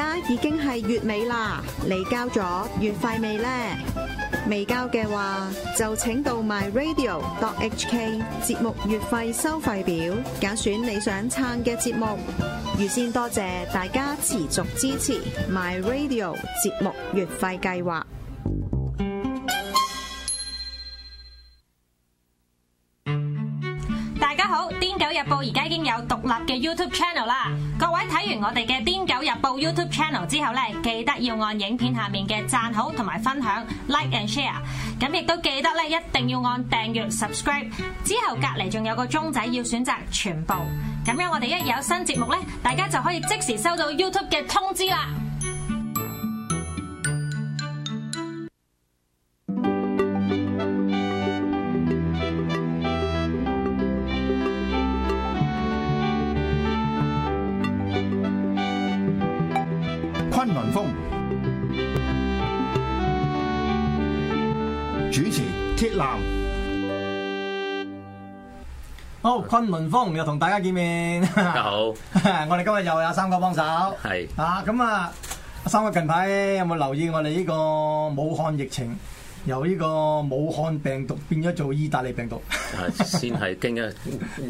而家已經係月尾啦，你交咗月費未呢？未交嘅話，就請到 myradio.hk 節目月費收費表，揀選你想撐嘅節目。預先多謝大家持續支持 myradio 節目月費計劃。大家好，癲狗日報而家已經有獨立嘅 YouTube channel 啦。各位睇完我哋嘅《癲狗日報》YouTube Channel 之後咧，記得要按影片下面嘅讚好同埋分享，Like and Share。咁亦都記得咧，一定要按訂閱、Subscribe。之後隔離仲有個鐘仔要選擇全部。咁樣我哋一有新節目咧，大家就可以即時收到 YouTube 嘅通知啦。崑崙風主持鐵男，好，崑崙風又同大家見面， 大家好。 我哋今日又有三哥幫手，係是啊，咁啊，三哥近排有冇留意我哋呢個武漢疫情？由呢個武漢病毒變咗做意大利病毒， 先係經一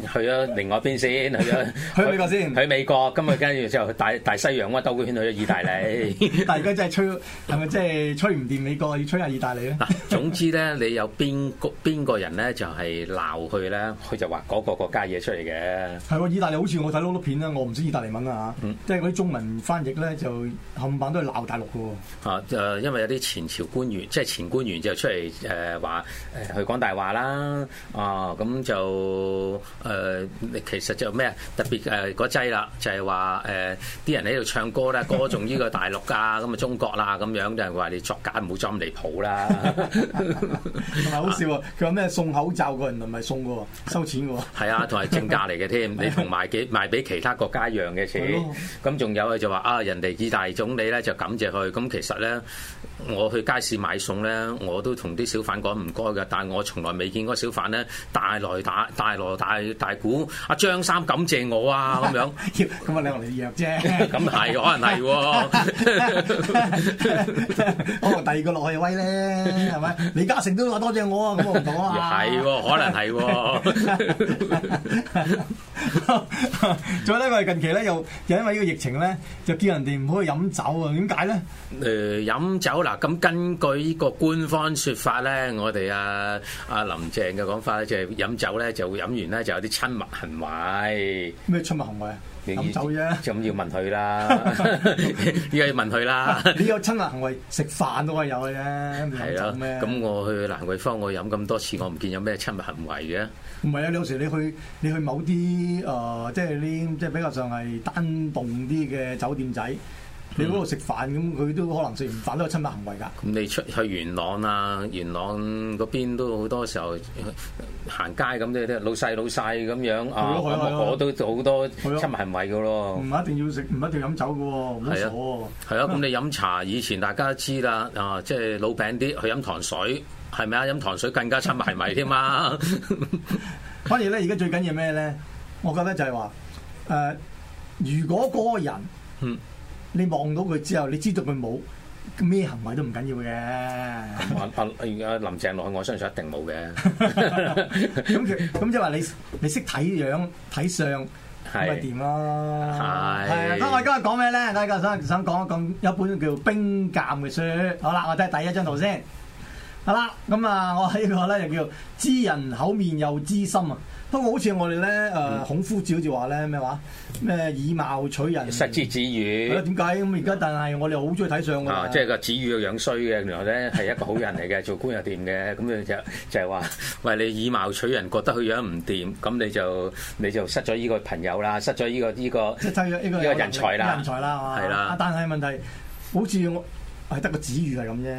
去咗另外邊先，去咗 去美國先，去美國。今日跟住之後，大大西洋兜個圈去咗意大利。 但而家真係吹，係咪真係吹唔掂美國，要吹下意大利咧？ 總之咧，你有邊個邊個人咧， 就係鬧佢咧，佢就話嗰個國家嘢出嚟嘅。係喎，意大利好似我睇好多片咧，我唔識意大利文啊嚇，嗯、即係嗰啲中文翻譯咧，就冚棒都係鬧大陸嘅。啊，誒，因為有啲前朝官員，即係前官員。就出嚟誒話，誒去講大話啦，啊咁就誒，其實就咩啊特別誒嗰劑啦，就係話誒，啲人喺度唱歌咧，歌頌呢個大陸啊，咁啊中國啦，咁樣就係話你作假，唔好作咁離譜啦，唔係好笑啊！佢話咩送口罩個人唔係送嘅喎，收錢嘅喎，係啊，同埋正價嚟嘅添，你同賣幾賣俾其他國家一樣嘅錢，咁仲有佢就話啊人哋意大利總理咧就感謝佢，咁其實咧。我去街市買餸咧，我都同啲小販講唔該㗎，但我從來未見過小販咧帶來打帶來打大鑼大鼓，阿張三感謝我啊，咁樣，咁 啊兩你約啫，咁係可能係是、哦， 可能第二個落去威咧，係咪？李嘉誠都話多謝我啊，咁我唔同啊，係喎，可能係喎。再呢，我哋近期咧又又因為呢個疫情咧，就叫人哋唔好去酒、呃、飲酒啊？點解咧？誒飲酒啦。咁根據依個官方説法咧，我哋阿阿林鄭嘅講法咧，就係飲酒咧就飲完咧就有啲親密行為。咩親密行為啊？飲酒啫。就咁要問佢啦，依家要問佢啦。你有親密行為，食飯都係有嘅啫。係啊。咁我去蘭桂坊，我飲咁多次，我唔見有咩親密行為嘅。唔係啊，有時你去你去某啲誒，即係啲即係比較上係單棟啲嘅酒店仔。你嗰度食飯咁，佢都可能食完飯都有親密行為㗎。咁、嗯、你出去元朗啊，元朗嗰邊都好多時候行街咁，啫，老細老細咁樣了啊，我都好多親密行為㗎咯。唔一定要食，唔一定飲酒㗎喎、哦，係啊。係啊了，咁 你飲茶以前大家都知啦，啊，即、就、係、是、老餅啲去飲糖水，係咪啊？飲糖水更加親密係咪添嘛。 反而咧，而家最緊要咩咧？我覺得就係話誒，如果嗰個人嗯。你望到佢之後，你知道佢冇咩行為都唔緊要嘅。林林林鄭落去我相信一定冇嘅。 咁咁即係話你你識睇樣睇相，咁咪掂咯？係啊是！我今日今日講咩咧？大家想想講咁一,一,一本叫《冰鑑》嘅書。好啦，我睇下第一張圖先。好啦，咁啊，我呢個咧就叫知人口面又知心啊！不過好似我哋咧，誒孔夫子好似話咧咩話咩以貌取人，失之子羽。係咯，點解咁而家？但係我哋好中意睇相㗎。啊，即係個子羽個樣衰嘅，然後咧係一個好人嚟嘅， 做官又掂嘅。咁就就係話，喂，你以貌取人，覺得佢樣唔掂，咁你就你就失咗依個朋友啦，失咗依個依個依個人才啦，人才啦。係啦。但係問題好似我。係得個子語係咁啫，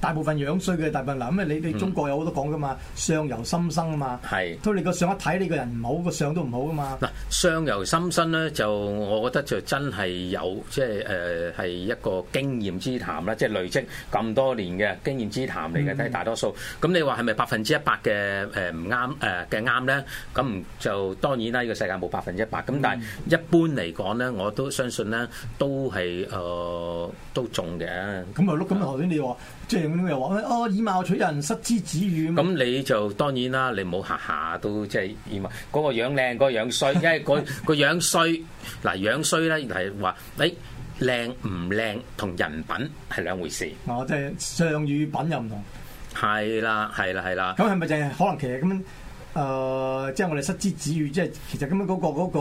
大部分樣衰嘅大部分嗱，咁啊你哋中國有好多講噶嘛，相由心生啊嘛，所以是你個相一睇你個人唔好，個相都唔好啊嘛。嗱，相由心生咧，就我覺得就真係有即係誒係一個經驗之談啦，即係累積咁多年嘅經驗之談嚟嘅，但係、嗯、大多數。咁你話係咪百分之一百嘅誒唔啱誒嘅啱咧？咁、呃呃、就當然啦，呢、呢個世界冇百分之一百。咁但係一般嚟講咧，我都相信咧都係誒、呃、都中嘅。咁咪碌，咁頭先你話，即係咁又話哦以貌取人，失之子羽。咁你就當然啦，你冇下下都即係、就是、以貌，嗰、那個樣靚，嗰、那個樣衰，因為嗰個樣衰，嗱、呃、樣衰咧，係話你靚唔靚同人品係兩回事。我、哦、即係上與品又唔同。係啦，係啦，係啦。咁係咪就係可能其實咁？誒、呃，即係我哋失之子羽，即係其實咁樣嗰、那個嗰、那個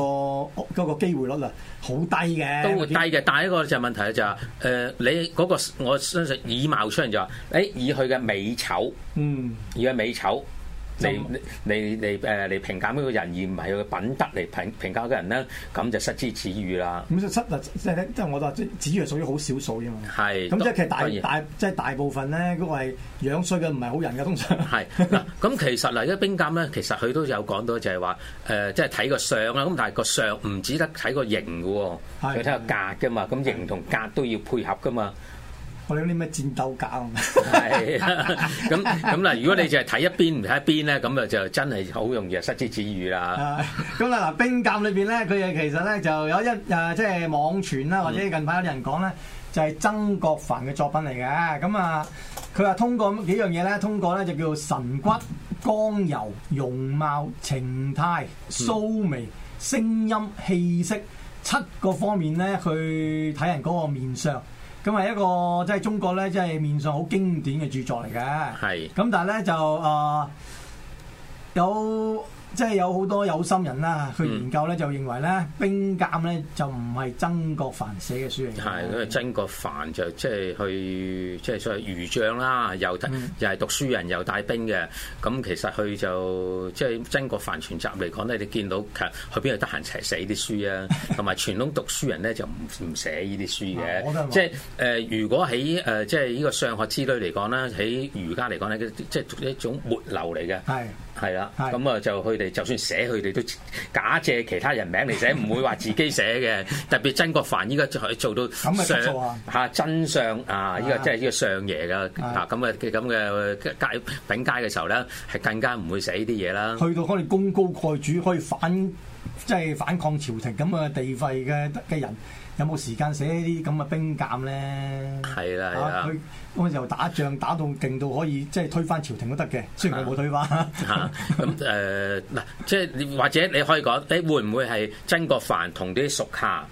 嗰、那個那個、機會率啊，好低嘅。都會低嘅，但係一個就問題就係、是、誒、呃，你嗰、那個我相信以貌出人就話、是，誒、哎、以佢嘅美醜，嗯，以佢美醜。你你你誒嚟評價嗰個人，而唔係佢嘅品德嚟評評價嗰個人咧，咁就失之子羽啦。咁就失啦，即係即係，我都係子羽屬於好少數嘅嘛。係是。咁即係其實大多大即係大部分咧，嗰對、那個係樣衰嘅，唔係好人嘅通常。係。嗱，咁其實嗱，依個冰鑑咧，其實佢都有講到就，就係話誒，即係睇個相啦。咁但係個相唔止得睇個形嘅喎，要睇個格嘅嘛。咁形同格都要配合嘅嘛。嗰啲咩戰鬥格咁，咁咁嗱，如果你淨係睇一邊唔睇一邊咧，咁啊就真係好容易失之子羽啦。咁啦，嗱，冰鑑裏邊咧，佢誒其實咧就有一誒，即係網傳啦，或者近排有人講咧，就係曾國藩嘅作品嚟嘅。咁啊，佢話通過幾樣嘢咧，通過咧就叫做神骨、剛柔、容貌、情態、鬚眉、聲音、氣色七個方面咧去睇人嗰個面相。咁係一個即係、就是、中國咧，即、就、係、是、面上好經典嘅著作嚟嘅。咁是的 但係咧就誒、呃、有。即係有好多有心人啦，佢研究咧就認為咧《冰鑑》咧就唔係曾國藩寫嘅書嚟。係，因為曾國藩就即係去即係所謂儒將啦，又又係讀書人，又帶兵嘅。咁其實佢就即係曾國藩全集嚟講咧，你見到佢邊度得閒寫寫啲書啊？同埋傳統讀書人咧就唔唔寫呢啲書嘅。 即係誒、呃，如果喺誒、呃、即係呢個上學之類嚟講咧，喺儒家嚟講咧，即係一種末流嚟嘅。係。係啦，咁啊就佢哋就算寫佢哋都假借其他人名嚟寫，唔會話自己寫嘅。 特別曾國藩依個就可以做到上嚇 真相 啊，依、這個 即係呢個上爺噶啊，咁嘅嘅咁嘅街丙階嘅時候咧，係更加唔會寫呢啲嘢啦。去到可以功高蓋主，可以反即係、就是、反抗朝廷咁嘅地位嘅嘅人。有冇時間寫呢啲咁嘅兵艦咧？係啦，係啦，佢咁就打仗打到勁到可以，即係推翻朝廷都得嘅。雖然佢冇推翻吓，咁誒嗱，即係或者你可以講，你會唔會係曾國藩同啲屬下？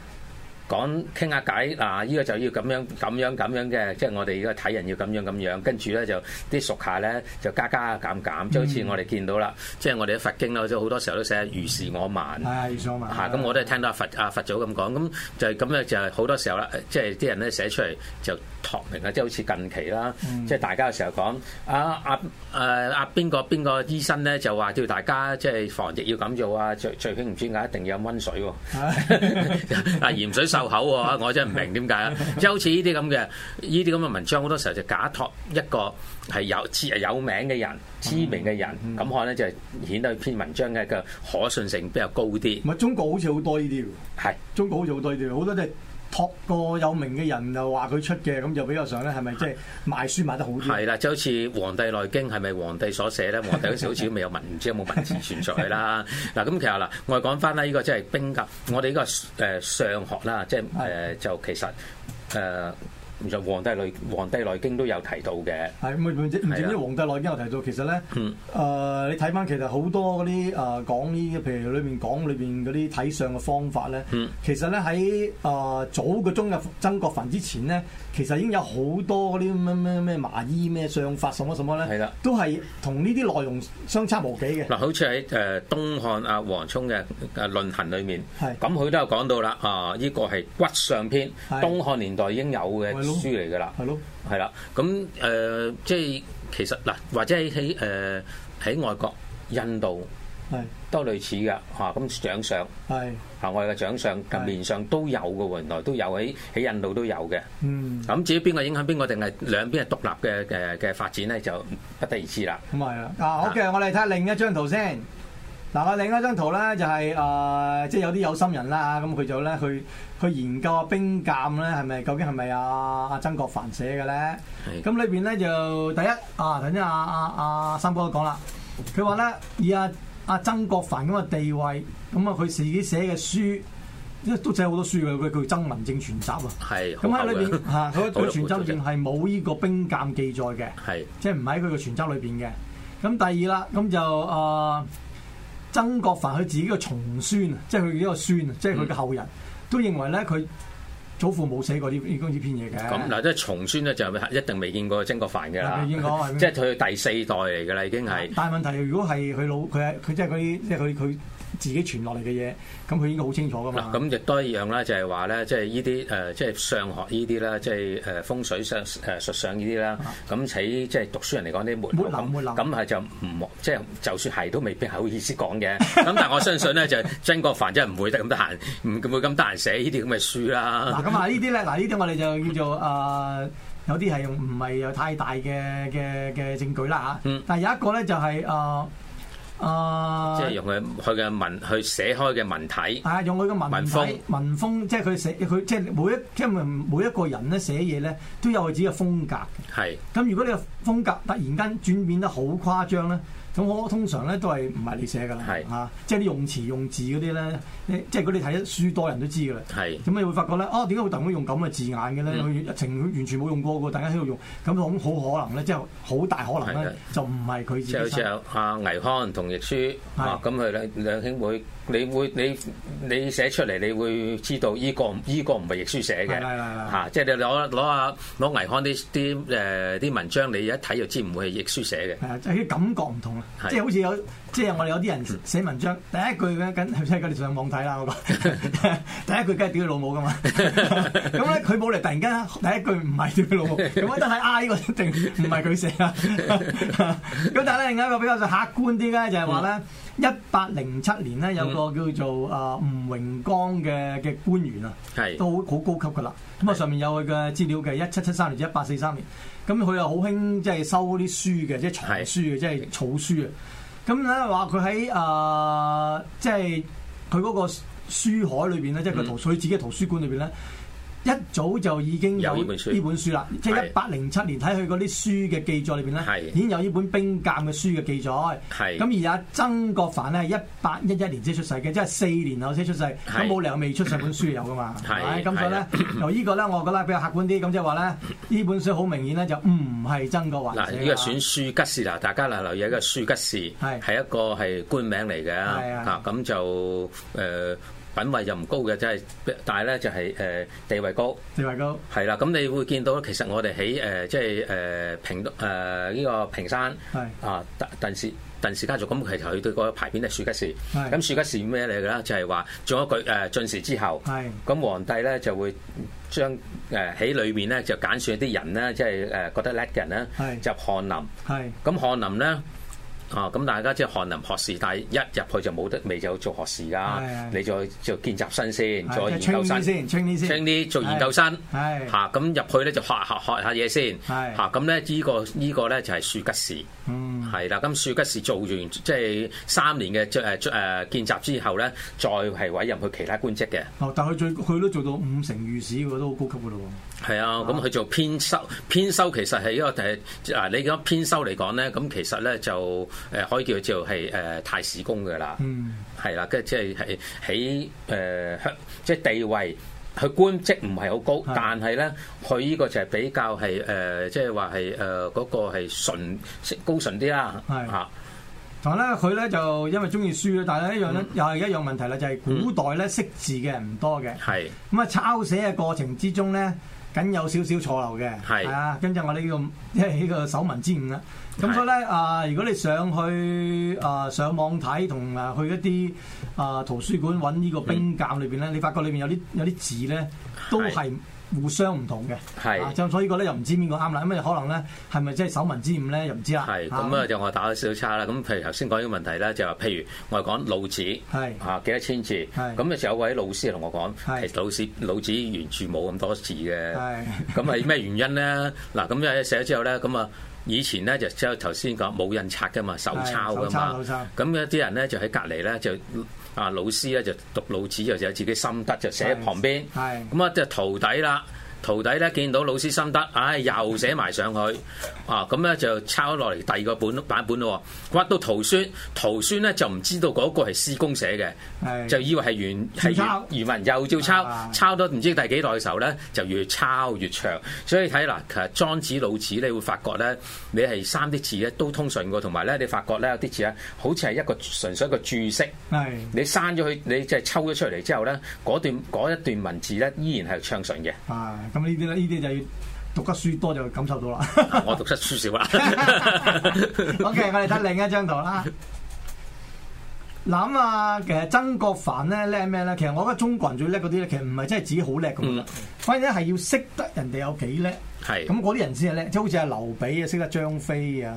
講傾下偈嗱，依、啊這個就要咁樣咁樣咁樣嘅，即係我哋依個睇人要咁樣咁樣，跟住咧就啲熟下咧就加加減減，就好似我哋見到啦，嗯、即係我哋喺佛經啦，即好多時候都寫如是我聞。係啊，咁我都係、啊、聽到阿佛阿、啊、佛祖咁講，咁就係咁咧，就係好多時候啦，即係啲人咧寫出嚟就。託名啊，即係好似近期啦，即係大家有時候講啊啊誒啊邊個邊個醫生咧就話叫大家即係防疫要咁做啊，最最緊，唔知點解一定要有温水喎，啊 鹽水漱口喎，我真係唔明點解啊！ 即係好似呢啲咁嘅呢啲咁嘅文章，好多時候就假託一個係有知有名嘅人、知名嘅人咁、嗯、看咧，就係顯得篇文章嘅嘅可信性比較高啲。唔係、嗯嗯嗯、中國好似好多呢啲㗎，係是中國好似好多啲好是多即託個有名嘅人又話佢出嘅，咁就比較上咧，係咪即係賣書賣得好啲？係啦，就好似《黃帝內經》係咪黃帝所寫咧？黃帝好似未有文，唔 知有冇文字存在啦。嗱， 咁其實嗱，我哋講翻啦，呢個即係冰鑑，我哋呢個誒上學啦，即係誒就其實誒。呃就黃帝內，黃帝內經都有提到嘅，係唔唔，唔唔，唔，止《黃帝內經》有提到，其實咧，誒、嗯呃，你睇翻其實好多嗰啲誒講呢，譬如裏面講裏邊嗰啲睇相嘅方法咧，嗯、其實咧喺誒早個中嘅曾國藩之前咧。其實已經有好多嗰啲咩咩咩麻衣咩相法什麼什麼咧，都係同呢啲內容相差無幾嘅。嗱，好似喺誒東漢阿王充嘅誒論衡裏面，咁佢是的 都有講到啦。啊，依、呢個係骨相篇，的東漢年代已經有嘅書嚟㗎啦。係咯，係啦。咁誒的、呃，即係其實嗱、呃，或者喺誒喺外國印度。係都類似嘅嚇，咁掌相係嚇，我哋嘅掌相同面上都有嘅喎，原來都有喺喺印度都有嘅。嗯，咁至於邊個影響邊個定係兩邊係獨立嘅嘅嘅發展咧，就不得而知啦。咁係啦。嗱，好嘅，我哋睇下另一張圖先。嗱，我另一張圖咧就係誒，即係有啲有心人啦，咁佢就咧去去研究阿冰鑑咧，係咪究竟係咪阿阿曾國藩寫嘅咧？咁裏邊咧就第一啊，等陣阿阿阿三哥講啦，佢話咧以阿。阿曾國藩咁嘅地位，咁啊佢自己寫嘅書，因都寫好多書嘅，佢叫《曾文正全集》啊。係。咁喺裏邊嚇，佢嘅全集淨係冇呢個冰鑑記載嘅。係的、呃。即係唔喺佢嘅全集裏邊嘅。咁第二啦，咁就阿曾國藩佢自己嘅重孫，即係佢呢一個孫，即係佢嘅後人，嗯、都認為咧佢。祖父冇寫過呢呢呢篇嘢嘅，咁嗱即係重孫咧，就一定未見過曾國藩嘅啦，過即係佢第四代嚟㗎啦已經係、嗯。但係問題，如果係佢老佢係佢即係佢即係佢佢。自己傳落嚟嘅嘢，咁佢應該好清楚噶嘛。嗱，咁亦都一樣啦，就係話咧，即係呢啲誒，即係上學呢啲啦，即係誒風水上誒術上呢啲啦。咁喺、啊、即係讀書人嚟講啲門，咁咁係就唔即係就算係都未必係好意思講嘅。咁 但係我相信咧，就曾國藩真係唔會得咁得閒，唔會咁得閒寫呢啲咁嘅書啦。嗱，咁啊，呢啲咧，嗱，呢啲我哋就叫做誒、呃、有啲係唔係有太大嘅嘅嘅證據啦嚇。啊嗯、但係有一個咧、就係，就係誒。啊！即係用佢佢嘅文去寫開嘅文體，啊！用佢嘅文風文風，即係佢寫佢即係每一即係每一個人咧寫嘢咧，都有佢自己嘅風格。係。咁如果你個風格突然間轉變得好誇張咧？咁我通常咧都係唔係你寫㗎啦，嚇是、啊，即係啲用詞用字嗰啲咧，即係如果你睇得書多，人都知㗎啦。係是，咁你會發覺咧，啊，點解會突然用咁嘅字眼嘅咧？佢情、嗯、完全冇用過㗎喎，大家喺度用，咁好可能咧，即係好大可能咧，的就唔係佢自己。就似阿倪匡同亦舒，嚇的，咁佢兩兩兄妹。你會你你寫出嚟，你會知道依、這個依、這個唔係亦舒寫嘅嚇，即係你攞攞下攞倪匡啲啲誒啲文章，你一睇就知唔會係亦舒寫嘅。係啊，就啲、是、感覺唔同啊，的即係好似有。即係我哋有啲人寫文章，第一句咧緊，即係佢哋上網睇啦。我講第一句，梗係屌佢老母噶嘛。咁咧佢冇嚟，突然間第一句唔係屌佢老母。咁 但係啊，呢個一定唔係佢寫啊。咁但係咧，另外一個比較客觀啲咧，就係話咧，一八零七年咧，有個叫做啊吳榮光嘅嘅官員啊，係是都好高級噶啦。咁啊是上面有佢嘅資料嘅，一七七三年，至一八四三年。咁佢又好興即係收啲書嘅，即係藏書嘅，即係是草書啊。咁咧話佢喺誒，即係佢嗰個書海裏邊咧，嗯、即係佢圖，所以自己圖書館裏邊咧。一早就已經有呢本書啦，即係一八零七年睇佢嗰啲書嘅記載裏邊咧，是 已經有呢本冰鑑嘅書嘅記載。咁是 而家曾國藩咧，係一八一一年先出世嘅，即係四年後先出世，咁冇是 理由未出世本書有噶嘛？咁是 所以咧，由依個咧，我覺得比較客觀啲，咁即係話咧，呢本書好明顯咧，就唔係曾國藩。嗱，依個選庶吉士嗱，大家嗱留意一個庶吉士，係是的 一個係官名嚟嘅。啊，咁就誒。呃品味又唔高嘅，即係但係咧就係、是、誒地位高，地位高係啦。咁你會見到其實我哋喺誒即係誒平誒呢、呃這個平山的啊，鄧鄧氏鄧氏家族咁，其實佢對個牌匾係庶吉士。咁庶的吉士咩嚟嘅咧？就係話做一句誒進士之後，咁的皇帝咧就會將誒喺裏面咧就揀選啲人咧，即係誒覺得叻嘅人咧的入翰林。咁翰的林咧。啊，咁、哦、大家即係翰林學士，但係一入去就冇得未有做學士噶，係啊你再做見習生先，再研究生先，聽啲做研究生，嚇咁入去咧就學學學下嘢先，嚇咁咧呢個呢個咧就係庶吉士，嗯，係啦，咁庶吉士做完即係三年嘅誒誒見習之後咧，再係委任去其他官職嘅。哦，但係佢最佢都做到五成御史，個都好高級嘅咯喎。係啊，咁佢、啊、做編修，編修其實係一個誒啊，你講編修嚟講咧，咁其實咧就。誒可以叫佢做係誒、呃、太史公嘅啦，嗯，係啦，跟、呃、即係係喺誒即係地位，佢官職唔係好高，是的 但係咧，佢呢個就係比較係誒、呃，即係話係誒嗰個係純高純啲啦，係嚇。同埋咧，佢咧就因為中意書咧，但係一樣咧，嗯、又係一樣問題啦，就係、是、古代咧識字嘅唔多嘅，係咁啊抄寫嘅過程之中咧，僅有少少，少，少錯漏嘅，係啊，跟住我呢、呢個即係呢個手民之誤啦。咁所以咧，啊，如果你上去啊上網睇同啊去一啲啊圖書館揾呢個冰鑑裏邊咧，你發覺裏面有啲有啲字咧，都係互相唔同嘅。係，就所以個咧，又唔知邊個啱啦。因為可能咧，係咪真係手民之誤咧，又唔知啦。係，咁啊，就我打咗少少叉啦。咁譬如頭先講呢個問題咧，就話譬如我係講老子，係嚇幾多千字？係。咁啊，有時有位老師同我講，其實老師老子原著冇咁多字嘅。係。咁係咩原因咧？嗱，咁啊寫咗之後咧，咁啊。以前咧，就即係頭先講冇印刷㗎嘛，手抄㗎嘛，手抄，咁有啲人咧就喺隔籬咧就啊老師咧就讀老子，又有自己心得就寫喺旁邊，咁啊即係徒弟啦。徒弟咧見到老師心得，唉、哎、又寫埋上去，啊咁咧就抄落嚟第二個本版本咯。挖到徒孫，徒孫咧就唔知道嗰個係師公寫嘅，的就以為係原係抄原，原文，又照抄抄到唔知第幾代嘅時候咧，就越抄越長。所以睇嗱，其實《莊子》《老子》你會發覺咧，你係刪啲字咧都通順嘅，同埋咧你發覺咧有啲字咧好似係一個純粹一個注釋。係的你刪咗佢，你即係抽咗出嚟之後咧，嗰段嗰一段文字咧依然係暢順嘅。係的。咁呢啲咧，呢啲就要讀得書多就感受到啦、啊。我讀得書少啦。OK，我哋睇另一張圖啦。嗱咁啊，其實曾國藩咧叻咩咧？其實我覺得中國人最叻嗰啲咧，其實唔係真係自己好叻咁啦。反而係要識得人哋有幾叻。係。咁嗰啲人先係叻，即係好似阿劉備啊，識得張飛啊、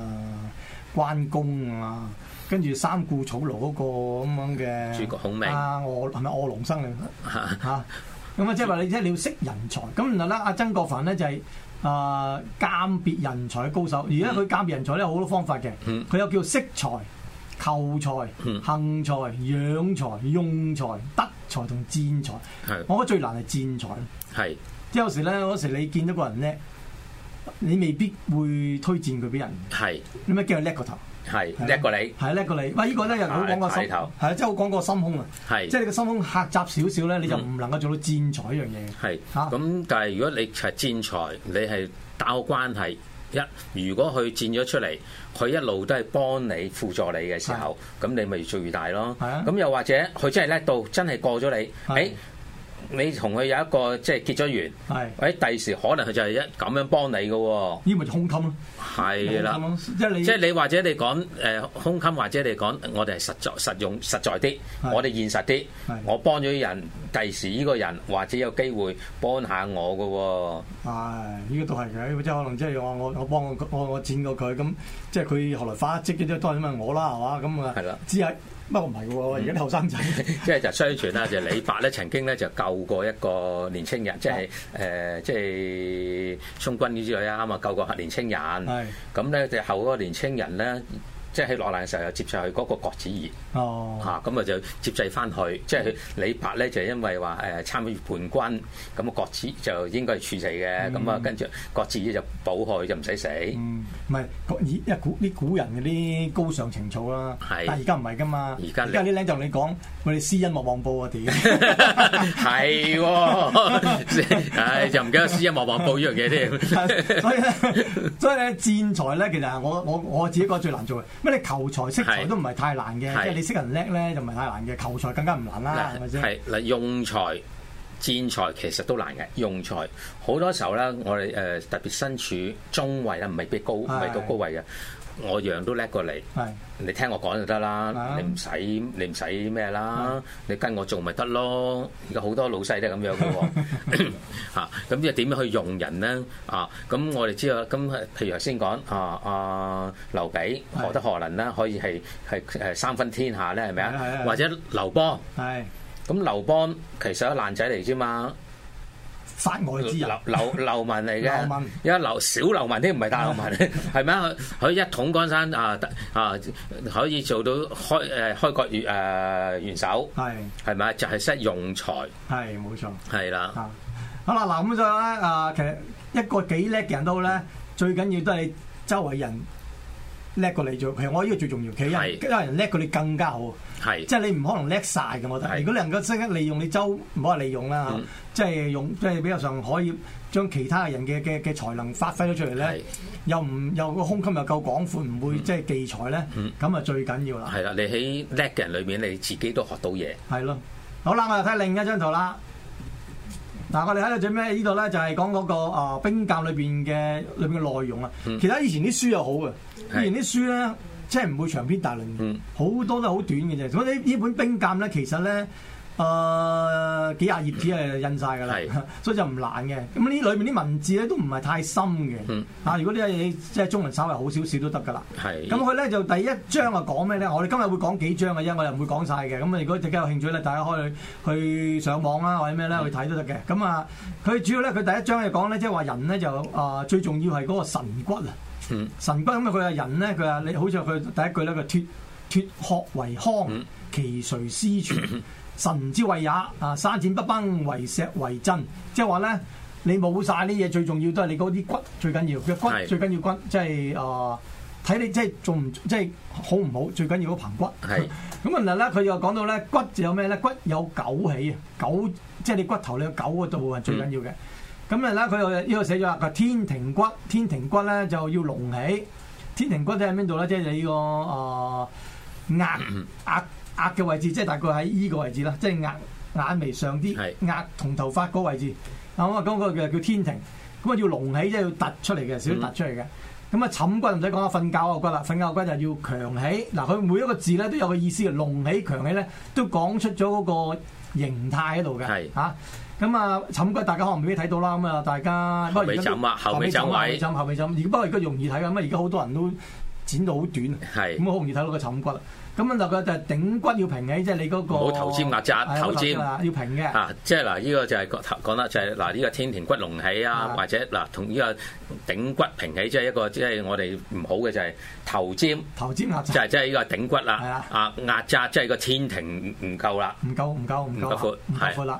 關公啊，跟住三顧草廬嗰個咁樣嘅。主角孔明、啊。啊，我係咪卧龍生嚟？嚇、啊啊啊啊 咁啊，即係話你即係你要識人才，咁原來咧，阿曾國藩咧就係啊鑒別人才嘅高手。而家佢鑒別人才咧有好多方法嘅，佢、嗯、有叫識才、求才、嗯、行才、養才、用才、德才同戰才。係是，我覺得最難係戰才。係是，即係有時咧，有時你見到個人咧，你未必會推薦佢俾人。係是，你咪叫佢叻過頭。係叻過你，係叻過你。喂，呢個咧又好講個心，係啊，即係好講個心胸啊。係，即係你個心胸狹窄少少咧，你就唔能夠做到戰才一樣嘢。係，咁但係如果你係戰才，你係打好關係。一，如果佢戰咗出嚟，佢一路都係幫你、輔助你嘅時候，咁你咪最大咯。係啊，咁又或者佢真係叻到，真係過咗你，誒？你同佢有一個即係結咗緣，喺第時可能佢就係一咁樣幫你嘅喎。呢咪就胸襟咯，係啦的，即係你，即係你或者你講誒胸襟，或者你講我哋係實在實用實在啲，我哋現實啲，我幫咗人，第時呢個人或者有機會幫下我嘅喎。係，呢個都係嘅，即係可能即係話我我幫我我我剪過佢，咁即係佢後來發跡嘅都係因為我啦，係嘛咁啊，係啦，只係。不過唔係喎，而家後生仔，即係就相傳啦，就 李白咧曾經咧就救過一個年青人，即係誒、呃，即係充軍之類啊，啱啊，救過年青人。係咁咧，就後個年青人咧。即係喺落難嘅時候又接上去嗰個郭子儀，嚇咁、oh. 啊就接濟翻去。即係李白咧就因為話誒、呃、參與叛軍，咁啊郭子儀就應該係處死嘅，咁啊跟住郭子儀就保佢就唔使死。唔係郭以，因為古啲古人嗰啲高尚情操啦。係是，而家唔係㗎嘛。而家而家啲僆就同你講，我哋私恩莫忘報啊！屌，係喎，唉，又唔記得私恩莫忘報呢樣嘢添。 所以咧，所以咧，以戰才咧其實係我我我自己覺得最難做嘅。咩？你求才識才都唔係太難嘅，是即係你識人叻咧就唔係太難嘅，求才更加唔難啦，係咪先？係嗱，用才、戰才其實都難嘅，用才好多時候咧，我哋誒特別身處中位啦，唔係俾高，唔係到高位嘅。我樣都叻過你，是你聽我講就得的啦。你唔使你唔使咩啦，你跟我做咪得咯。而家好多老細都係咁樣嘅喎，嚇咁即係點樣去用人咧？啊，咁我哋知道，咁譬如頭先講啊，阿、啊、劉備何德何能咧，可以係係係三分天下咧，係咪啊？或者劉邦，係咁的劉邦其實係爛仔嚟啫嘛。山外之人流流民嚟嘅，因為流小流民添，唔係大流民，係咪啊？佢佢一統江山啊啊，可以做到開誒開國元誒元首，係係咪？就係識用才，係冇錯，係啦。好啦，嗱咁所以咧啊，其實一個幾叻嘅人都好咧，最緊要都係周圍人叻過你做。其實我呢個最重要，其實有人有人叻過你更加好，係即係你唔可能叻曬嘅我覺得。如果你能夠識得利用你周唔好話利用啦。即係用，即係比較上可以將其他人嘅嘅嘅才能發揮咗出嚟咧的，又唔又個胸襟又夠廣闊，唔、嗯、會即係技才咧，咁啊、嗯、最緊要啦。係啦，你喺叻嘅人裏面你自己都學到嘢。係咯，好啦，我哋睇另一張圖啦。嗱，我哋喺度做咩？呢度咧就係講嗰個啊冰鑑裏邊嘅裏邊嘅內容啊。其他以前啲書又好嘅，以前啲書咧即係唔會長篇大論，好多都好短嘅啫。所以呢本冰鑑咧，其實咧。誒、呃、幾廿頁紙係印晒㗎啦，嗯、 所以就唔難嘅。咁呢裏面啲文字咧都唔係太深嘅，嚇、嗯。如果呢嘢即係中文稍微好少少都得㗎啦。咁佢咧就第一章啊講咩咧？我哋今日會講幾章嘅，啫，我又唔會講晒嘅。咁如果大家有興趣咧，大家可以去上網啊或者咩咧去睇都得嘅。咁啊，佢主要咧佢第一章呢就講、是、咧，即係話人咧就啊、呃、最重要係嗰個神骨啊。嗯、神骨咁啊，佢係人咧，佢啊你好似佢第一句咧，佢脫脫穀為糠，其髓斯存。 神之謂也，啊，山漸不崩為石為真，即係話咧，你冇晒啲嘢，最重要都係你嗰啲骨最緊要，嘅骨最緊要骨，即係啊，睇是的、就是呃、你即係做唔即係好唔好，最緊要嗰棚骨。咁啊嗱咧，佢又講到咧，骨就有咩咧？骨有九起，九即係你骨頭你有九度最緊要嘅。咁啊啦，佢又呢個寫咗話個天庭骨，天庭骨咧就要隆起。天庭骨睇喺邊度咧？即、就、係、是、你、這個啊額額。呃額嘅位置，即係大概喺呢個位置啦，即係額眼眉上啲，額是同頭髮嗰個位置。咁啊是，嗰、嗯，那個叫叫天庭。咁、那個嗯，那個、啊，要隆起即係要突出嚟嘅，少少突出嚟嘅。咁啊，枕骨唔使講啦，瞓覺嘅骨啦，瞓覺嘅骨就要強起。嗱，佢每一個字咧都有個意思嘅，隆起、強起咧都講出咗嗰個形態喺度嘅。係咁是啊，枕骨大家可能未必睇到啦。咁、那個、啊，大家後尾枕骨，後尾枕骨，後尾枕骨。不過而家容易睇啦，咁啊，而家好多人都剪到好短，係咁好容易睇到個枕骨。咁啊，嗱個就係頂骨要平起，即、就、係、是、你嗰、那個。唔好頭尖壓窄，哎、頭尖。要平嘅。啊，即係嗱，呢、這個就係、是、講講得就係、是、嗱，呢、這個天庭骨隆起啊，的或者嗱同呢個頂骨平起，即係一個即係、就是、我哋唔好嘅就係、是、頭尖。頭尖壓窄。即係即係呢個頂骨啦。係啊的。啊，壓窄即係個天庭唔夠啦。唔夠，唔夠，唔夠。唔夠闊，唔夠闊啦。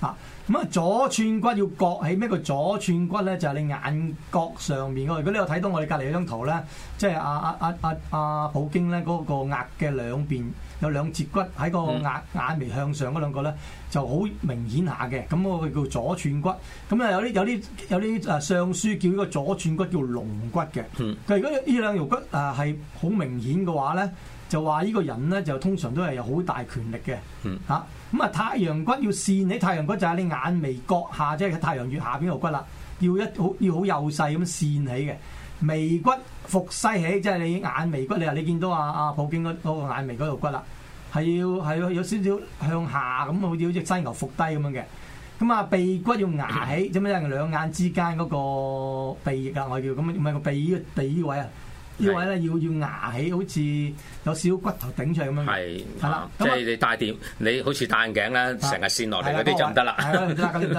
啊。咁啊，左寸骨要割起咩？個左寸骨咧就係、是、你眼角上面、那個、如果你有睇到我哋隔籬嗰張圖咧，即係阿阿阿阿阿普京咧嗰個額嘅兩邊。有兩節骨喺個眼眼眉向上嗰兩個咧就好明顯下嘅，咁我叫左串骨。咁啊有啲有啲有啲啊上書叫呢個左串骨叫龍骨嘅。佢如果呢兩條骨啊係好明顯嘅話咧，就話呢個人咧就通常都係有好大權力嘅。嚇咁啊，太陽骨要豎起，太陽骨就喺你眼眉角下，即係太陽穴下邊條骨啦，要一好要好幼細咁豎起嘅。眉骨伏犀起，即係你眼眉骨，你話你見到啊啊，普京嗰個眼眉嗰度骨啦，係要係咯，要有少少向下咁，好似好似隻犀牛伏低咁樣嘅。咁啊，鼻骨要芽起，嗯、即係兩眼之間嗰個鼻翼啊，我叫咁，唔係個鼻呢鼻，鼻位啊。呢位咧要要牙起，好似有少少骨頭頂出咁樣。係是，係啦的，即係你戴電，那你好似戴眼鏡啦，成日線落嚟嗰啲就唔得啦。係啦，唔得嗰啲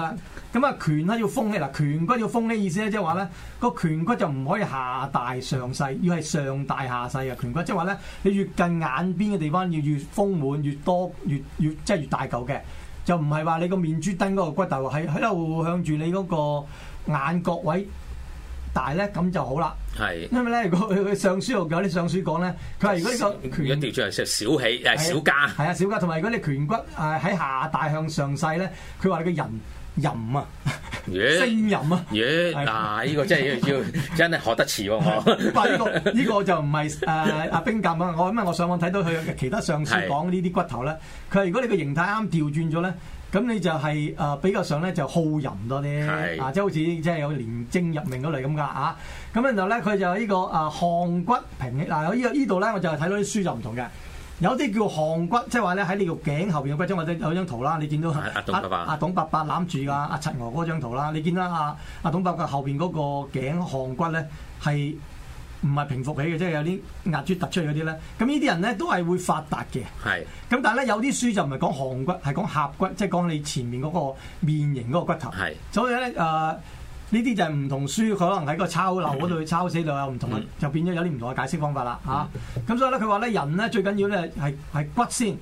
咁啊， 顴咧要封咧，嗱，顴骨要封咧意思咧，即係話咧個顴骨就唔可以下大上細，要係上大下細嘅顴骨。即係話咧，你越近眼邊嘅地方要越豐滿、越多、越越即係越，越，越大嚿嘅，就唔係話你個面珠墩嗰個骨頭喺喺度向住你嗰個眼角位。大咧咁就好啦。係是，因為咧，呢如果佢上書有啲上書講咧，佢話如果呢個，拳果調轉係少起，係是小家，係啊小家。同埋如果你拳骨誒喺下大向上細咧，佢話你嘅人淫啊，聲、欸、淫啊，嗱呢個真係要真要真係學得似喎、啊。呢、 呢個呢、呢個就唔係誒阿冰鑑啊！我因為我上網睇到佢其他上書講呢啲骨頭咧，佢是話如果你嘅形態啱調轉咗咧。咁你就係誒比較上咧就好淫多啲，啊即係好似即係有廉政入命嗰類咁噶嚇。咁然後咧佢就呢個誒項骨平。嗱，呢個依度咧我就睇到啲書就唔同嘅，有啲叫項骨，即係話咧喺你個頸後邊嘅骨。即係我有張圖啦，你見到阿董伯伯攬住阿阿陳娥嗰張圖啦，你見到阿阿董伯伯後邊嗰個頸項骨咧係。唔係平伏起嘅，即係有啲壓珠突出嗰啲咧。咁呢啲人咧都係會發達嘅。係是。咁但係咧有啲書就唔係講寒骨，係講下骨，即係講你前面嗰個面型嗰個骨頭。係是。所以咧誒，呢、呃、啲就係唔同書，佢可能喺個抄樓嗰度去抄死度有唔同， 就變咗有啲唔同嘅解釋方法啦嚇。咁、 啊、所以咧佢話咧人咧最緊要咧係係骨先。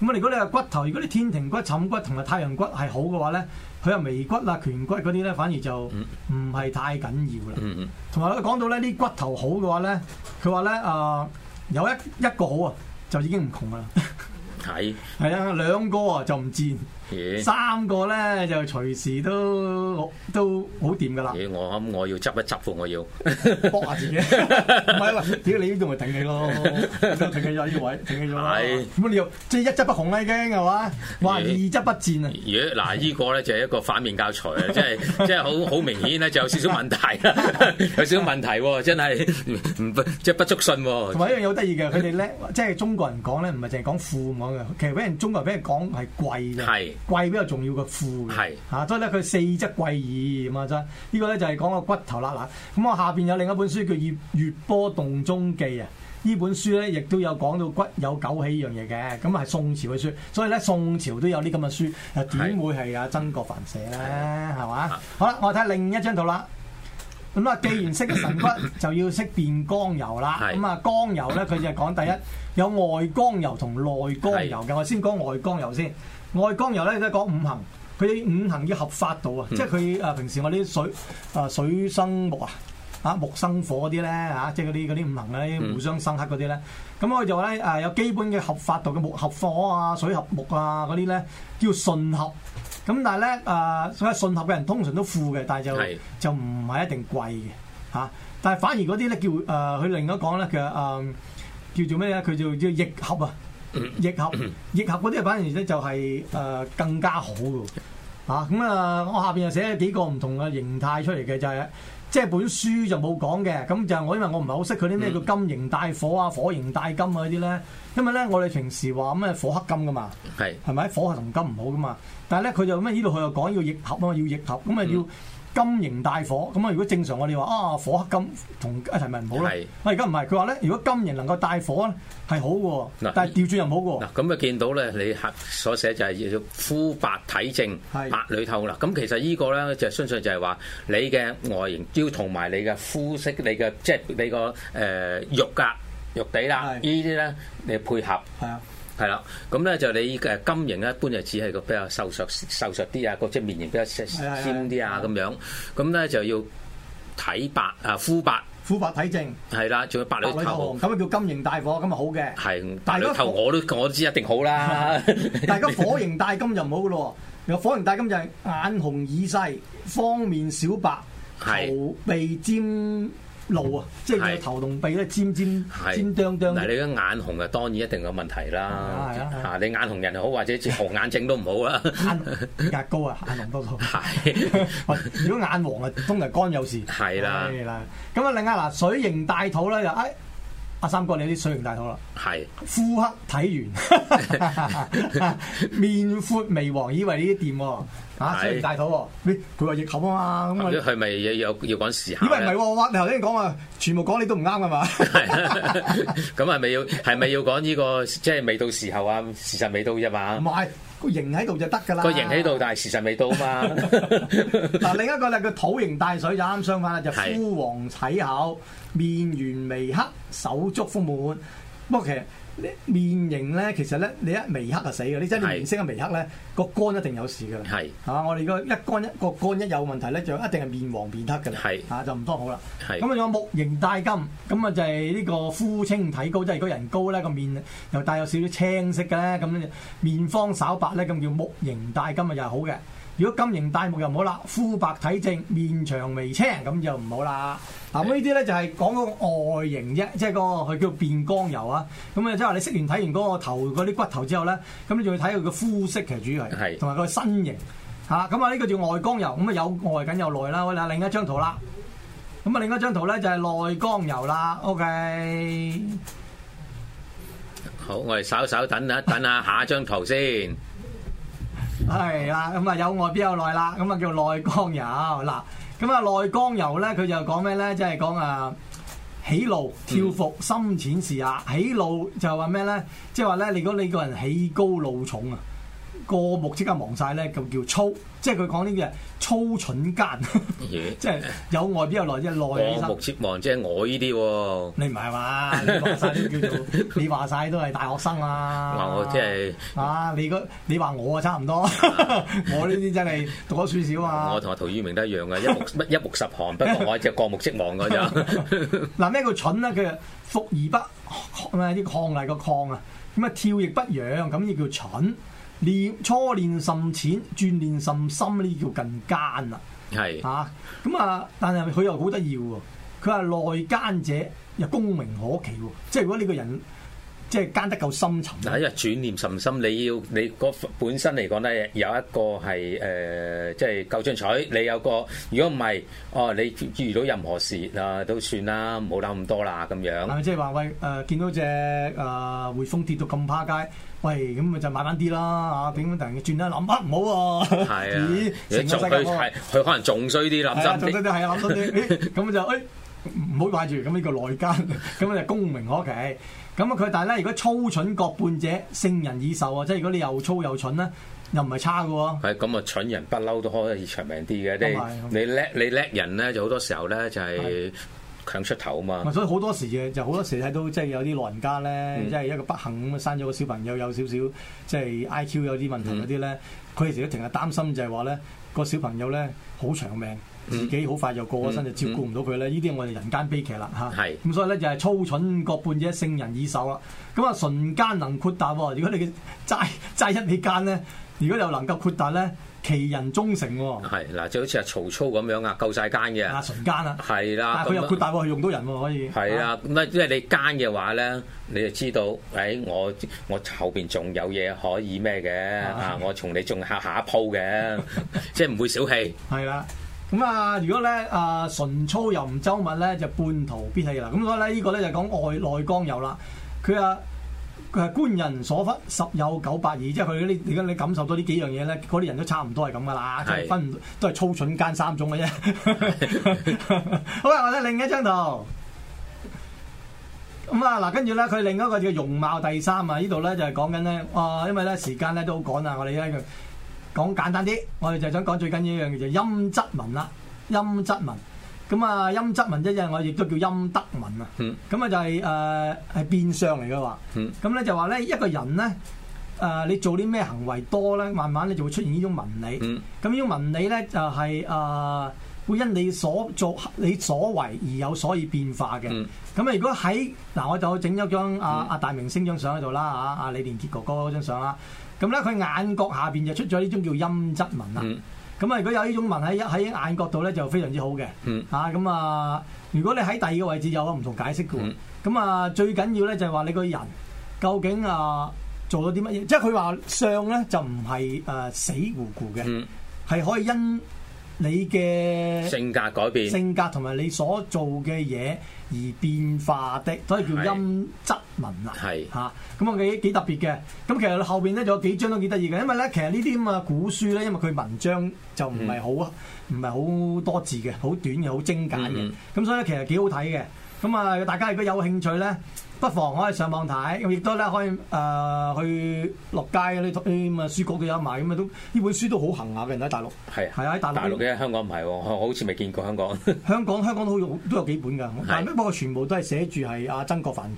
咁啊！如果你嘅骨頭，如果你天庭骨、枕骨同埋太陽骨係好嘅話咧，佢啊眉骨啊、顴骨嗰啲咧，反而就唔係太緊要啦。同埋佢講到咧，啲骨頭好嘅話咧，佢話咧啊，有一一個好啊，就已經唔窮噶啦。係係啊，兩個啊就唔賤。三個咧就隨時都都好掂噶啦！我諗我要執一執庫，我要搏 下自己。唔係，屌你呢度咪停起咯，停起咗呢位，你停起咗。係，咁唉你要，即係一執不紅啦已經係嘛？哇二執不戰啊！如果，嗱，呢個咧就係一個反面教材啊！即係即係好好明顯咧， 就有少少問題， 有少少問題喎，真係唔即係不足信。同埋一樣嘢好得意嘅，佢哋咧即係中國人講咧，唔係淨係講父母嘅，其實俾人中國人俾人講係貴嘅。係。 貴比較重要嘅富，係嚇，所以咧佢四則貴耳咁啊，真呢個咧就係講個骨頭啦啦。咁我下邊有另一本書叫、Del《月波洞中記》啊，呢本書咧亦都有講到骨有九起呢樣嘢嘅，咁係宋朝嘅書，所以咧宋朝都有呢咁嘅書，又點會係啊曾國藩寫咧？係嘛？sinus ito 好啦，我睇另一張圖啦。咁啊，既然識神骨，就要識辨剛柔啦。咁啊，剛柔咧，佢就係講第一有外剛柔同內剛柔嘅，我先講外剛柔先。idea 外江油咧都係講五行，佢五行要合法度、嗯呃、啊，啊，即係佢啊平時我啲水啊水生木啊，啊木生火啲咧啊，即係嗰啲啲五行咧互相生克嗰啲咧，咁我、嗯、就咧啊、呃、有基本嘅合法度嘅木合火啊、水合木啊嗰啲咧叫順合，咁但係咧啊所以順合嘅人通常都富嘅，但係就的就唔係一定貴嘅嚇，但係反而嗰啲咧叫啊佢、呃、另一講咧，其實叫做咩咧？佢就叫逆合啊。 逆合逆合嗰啲啊，反而咧就係誒更加好噶，啊咁、嗯、啊，我下邊又寫咗幾個唔同嘅形態出嚟嘅，就係、是、即係本書就冇講嘅，咁就我因為我唔係好識佢啲咩叫金形帶火啊，火形帶金啊嗰啲咧，因為咧我哋平時話咩火克金噶嘛，係係咪火克同金唔好噶嘛，但係咧佢就咩呢度佢又講要逆合啊，嘛，要逆合咁啊要。嗯金型帶火咁啊！如果正常我哋話啊火剋金同一齊咪唔好咯，喂而家唔係佢話咧，如果金型能夠帶火咧係好嘅，但係調轉又唔好嘅。嗱咁啊，啊就見到咧你所寫就係要膚白體正是白裏透啦。咁、啊、其實個呢個咧就相、是、信就係話你嘅外形要同埋你嘅膚色、你嘅即係你個誒、呃、肉格肉地啦，是呢啲咧你配合。係啦，咁咧就你誒金型一般就只係個比較瘦削瘦削啲啊，個隻面型比較尖啲啊咁樣，咁咧的就要睇白啊，膚白，膚白體正。係啦，仲有白裏透紅，咁啊叫金型帶火，咁啊好嘅，係，白裏透火我都我都知一定好啦，但係如果火型帶金就唔好嘅咯，有 火型帶金就係眼紅耳細，方面小白，頭鼻尖。的的路啊，即係個頭同鼻咧尖尖、尖張張。嗱，你個眼紅啊，當然一定有問題啦。嚇，你眼紅人好，或者隻紅眼症都唔好啦。眼壓高啊，眼紅都好。係，如果眼黃啊，通常肝有事。係啦，咁啊，另外嗱，水型大肚咧就唉。阿三哥，你啲水形大肚啦，係是呼黑睇完， 面闊微黃，以為呢啲店，啊，是水形大肚、啊，佢話逆口啊嘛，咁啊，係咪有要講時下？以為唔係，我頭先講啊，全部講你都唔啱噶嘛，咁係咪要？係咪要講呢個？即係未到時候啊，事實未到啫嘛。個型喺度就得噶啦，個型喺度，但係時辰未到嘛 啊嘛。嗱，另一個咧，個土型帶水就啱相反啦，就枯、是、黃齒口，是的 面圓微黑，手足豐滿。不過其實，面型咧，其實咧，你一微黑就死嘅。你真係面色一微黑咧，個是肝一定有事嘅。係是啊，我哋個一肝一個肝一,一有問題咧，就一定係面黃變黑嘅。係是啊，就唔多好啦。咁啊是，有木型帶金，咁啊就係呢個膚清體高，即係如果人高咧，個面又帶有少少青色嘅，咁咧面方稍白咧，咁叫木型帶金啊，又係好嘅。如果金型大目又唔好啦，膚白體正，面長眉青，咁就唔好啦。嗱，呢啲咧就係講嗰個外形啫，即係、嗰個佢叫變光油啊，咁啊，即係話你識完睇完嗰個頭嗰啲骨頭之後咧，咁你就要睇佢個膚色嘅。主要係，係同埋個身形吓。咁啊，呢個叫外光油，咁啊有外緊有內啦。我哋睇另一張圖啦。咁啊，另一張圖咧就係內光油啦。OK，好，我哋稍稍等下等下，等一下下一張圖先。 係啦，咁啊有外必有內啦，咁啊叫內剛柔嗱，咁啊內剛柔咧佢就講咩咧？即係講啊喜怒跳伏深淺時啊，喜怒，喜怒就話咩咧？即係話咧，你如果你個人喜高怒重啊。過目即刻忘晒咧，就叫粗，即係佢講呢啲嘢，粗蠢奸， 即係有外邊有內啫，內嘅。過目即忘，即係我呢啲喎。你唔係嘛？你話晒都叫做 你話晒都係大學生啦。話我即係啊，你個你話我啊，差唔多。 我呢啲真係讀咗書少啊。我同阿陶淵明都一樣嘅，一目一目十行，不過我係過目即忘嘅咋。嗱 咩叫蠢咧？佢復而不咩啲抗係個抗啊，咁啊跳亦不揚，咁亦叫蠢。叫蠢念初念甚淺，轉念甚深，呢叫近奸啦。係啊是，咁啊，但係佢又好得意喎。佢話內奸者又功名可期喎。即係如果你個人即係奸得夠深沉，嗱、啊，因為轉念甚深，你要你嗰本身嚟講咧，有一個係誒、呃，即係夠進取。你有個如果唔係，哦、呃，你遇到任何事啊都算啦，冇諗咁多啦，咁樣。啊、即係話喂？誒、呃，見到隻誒、呃、匯豐跌到咁趴街？喂，咁咪就買翻啲啦嚇，點解突然轉啦諗乜唔好喎？係啊，佢仲衰，佢可能仲衰啲啦。係啊，仲衰啲係啊，仲衰啲。咁就誒，唔好怪住。咁呢個內奸，咁啊功名可期。咁啊佢，但係咧，如果粗蠢各半者，勝人以壽啊。即係如果你又粗又蠢咧，又唔係差嘅喎。係咁啊，蠢人不嬲都可以長命啲嘅。都係。你叻，你叻人咧，就好多時候咧就係。強出頭啊嘛！所以好多時嘅，就好多時睇到即係有啲老人家咧，嗯、即係一個不幸咁生咗個小朋友有少少即係 IQ 有啲問題嗰啲咧，佢哋成日淨擔心就係話咧，個小朋友咧好長命，自己好快就過咗身、嗯、就照顧唔到佢咧，呢啲我哋人間悲劇啦嚇。係咁是、啊、所以咧就係粗蠢各半者勝人以壽啦。咁啊純奸能豁達喎，如果你齋齋一撇間咧，如果又能夠豁達咧。其人忠誠喎，係嗱，就好似阿曹操咁樣啊，夠晒奸嘅，啊純奸啊，係啦，佢又闊大喎，用到人喎、啊，可以係啦，咁咧即係你奸嘅話咧，你就知道，誒、哎，我我後邊仲有嘢可以咩嘅啊，哎、我同你仲下下一鋪嘅， 即係唔會小氣。係啦，咁、嗯、啊，如果咧啊純操又唔周密咧，就半途必棄啦。咁所以咧，個呢個咧就是、講外內江有啦，佢啊。佢係官人所忽十有九百二，即係佢呢？而家你感受到呢幾樣嘢咧，嗰啲人都差唔多係咁噶啦，是即係分都係粗蠢奸三種嘅啫。是 好啦，我睇另一張圖。咁、嗯、啊，嗱，跟住咧，佢另一個叫容貌第三啊，呢度咧就係、是、講緊咧，哇、哦，因為咧時間咧都好趕啦，我哋咧講簡單啲，我哋就係想講最緊要一樣嘢就陰騭文啦，陰騭文。咁啊，陰質文即係我亦都叫陰德文啊。咁啊、嗯、就係誒係變相嚟嘅話。咁咧、嗯、就話咧一個人咧誒、呃，你做啲咩行為多咧，慢慢咧就會出現呢種紋理。咁呢、嗯、種紋理咧就係、是、誒、呃、會因你所做，你所為而有所以變化嘅。咁啊、嗯，如果喺嗱、呃，我就整咗張啊，阿、嗯、大明星張相喺度啦嚇，阿李連杰哥哥嗰張相啦。咁咧佢眼角下邊就出咗呢種叫陰質文啊。嗯咁啊！如果有呢種文喺一喺眼角度咧，就非常之好嘅嚇。咁、嗯、啊，如果你喺第二個位置有個唔同解釋嘅喎，咁、嗯、啊最緊要咧就係話你個人究竟啊做咗啲乜嘢？即係佢話相咧就唔係誒死糊糊嘅，係、嗯、可以因你嘅性格改變，性格同埋你所做嘅嘢而變化的，所以叫陰騭文啊。係嚇是是、嗯，咁啊幾幾特別嘅。咁其實後邊咧仲有幾章都幾得意嘅，因為咧其實呢啲咁嘅古書咧，因為佢文章就唔係好唔係好多字嘅，好短嘅，好精簡嘅。咁所以咧其實幾好睇嘅。咁啊，大家如果有興趣咧～不妨可以上網睇，咁亦都咧可以誒去落街，你你咪書局度有賣，咁啊都呢本書都好行下嘅，人喺大陸係係啊，喺、啊、大陸大陸嘅香港唔係喎，好似未見過香港。 香港香港都好有都有幾本㗎，是啊、但不過全部都係寫住係阿曾國藩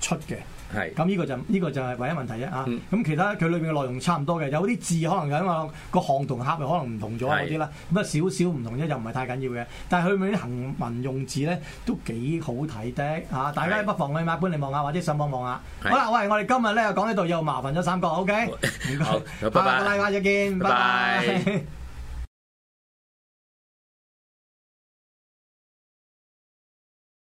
出嘅。係，咁呢個就呢個就係唯一問題啫嚇。咁、嗯、其他佢裏邊嘅內容差唔多嘅，有啲字可能因為個行同刻又可能唔同咗嗰啲啦，咁啊少少唔同啫，又唔係太緊要嘅。但係佢裏邊行文用字咧都幾好睇的嚇，大家不妨去買本嚟望下，或者上網望下。是好啦，我我哋今日咧又講呢度又麻煩咗三哥，OK，唔該， 好，拜拜，禮拜再見，拜拜。拜拜拜拜。